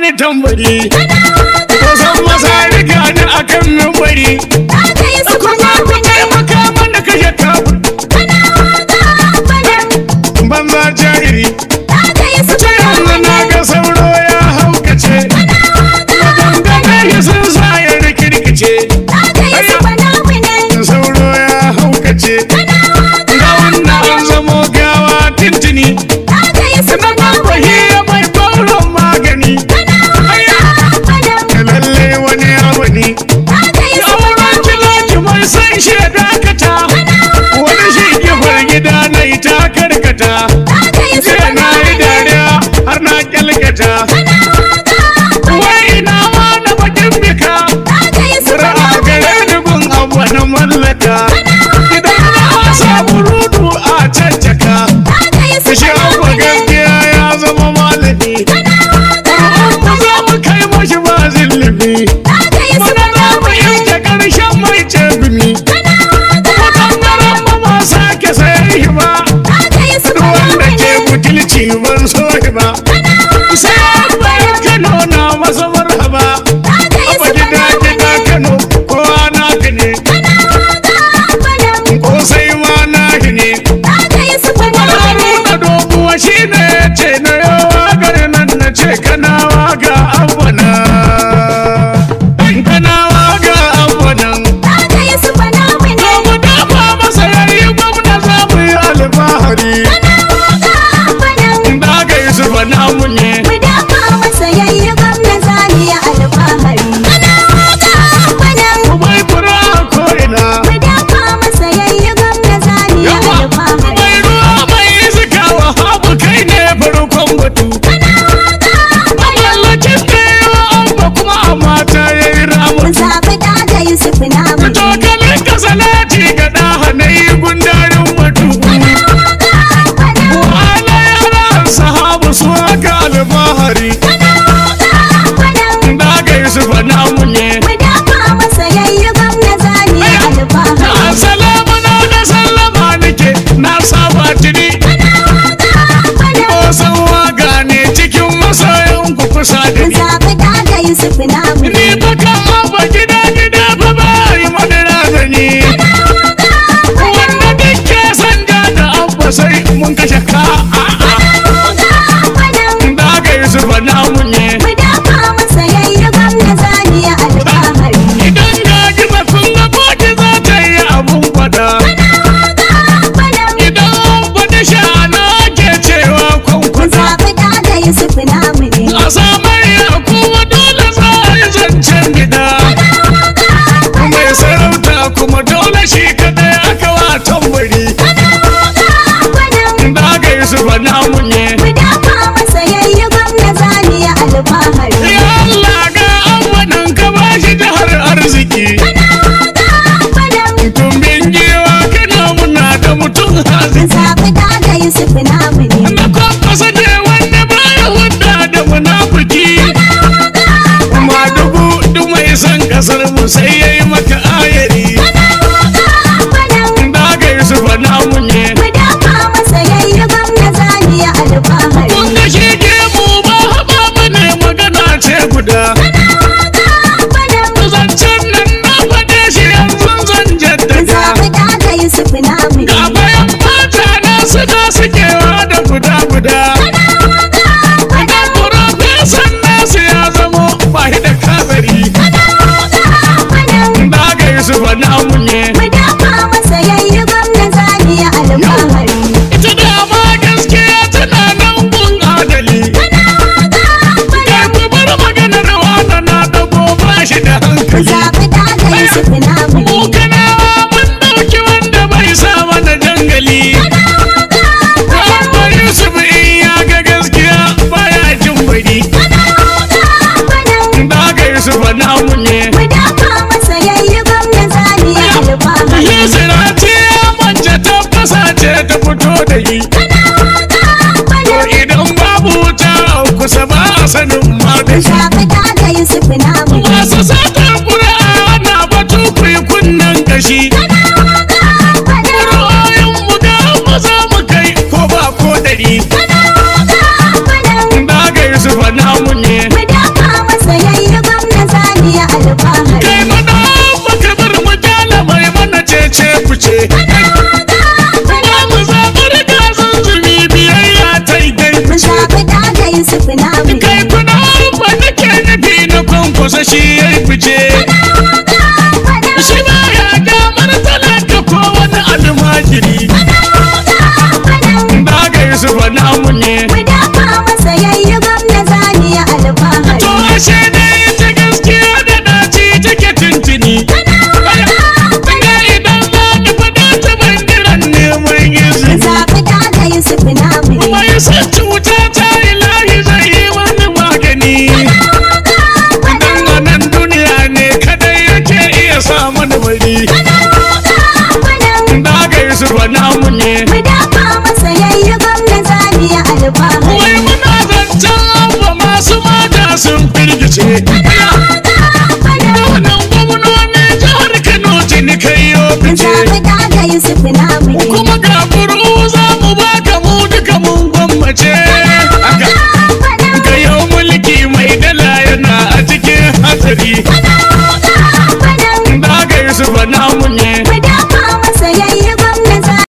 ni tambari kusan maza riga ni akan mimbari kuma ku taimaka mana kashe banza jahiri na ga sauro ya haukace ya ele tinha um nunca llegar kasar mu sai yayi maka ayi sun firgice Wannan gwamnonin jihar Kano jini kai yau fice Fita fita ga Yusuf na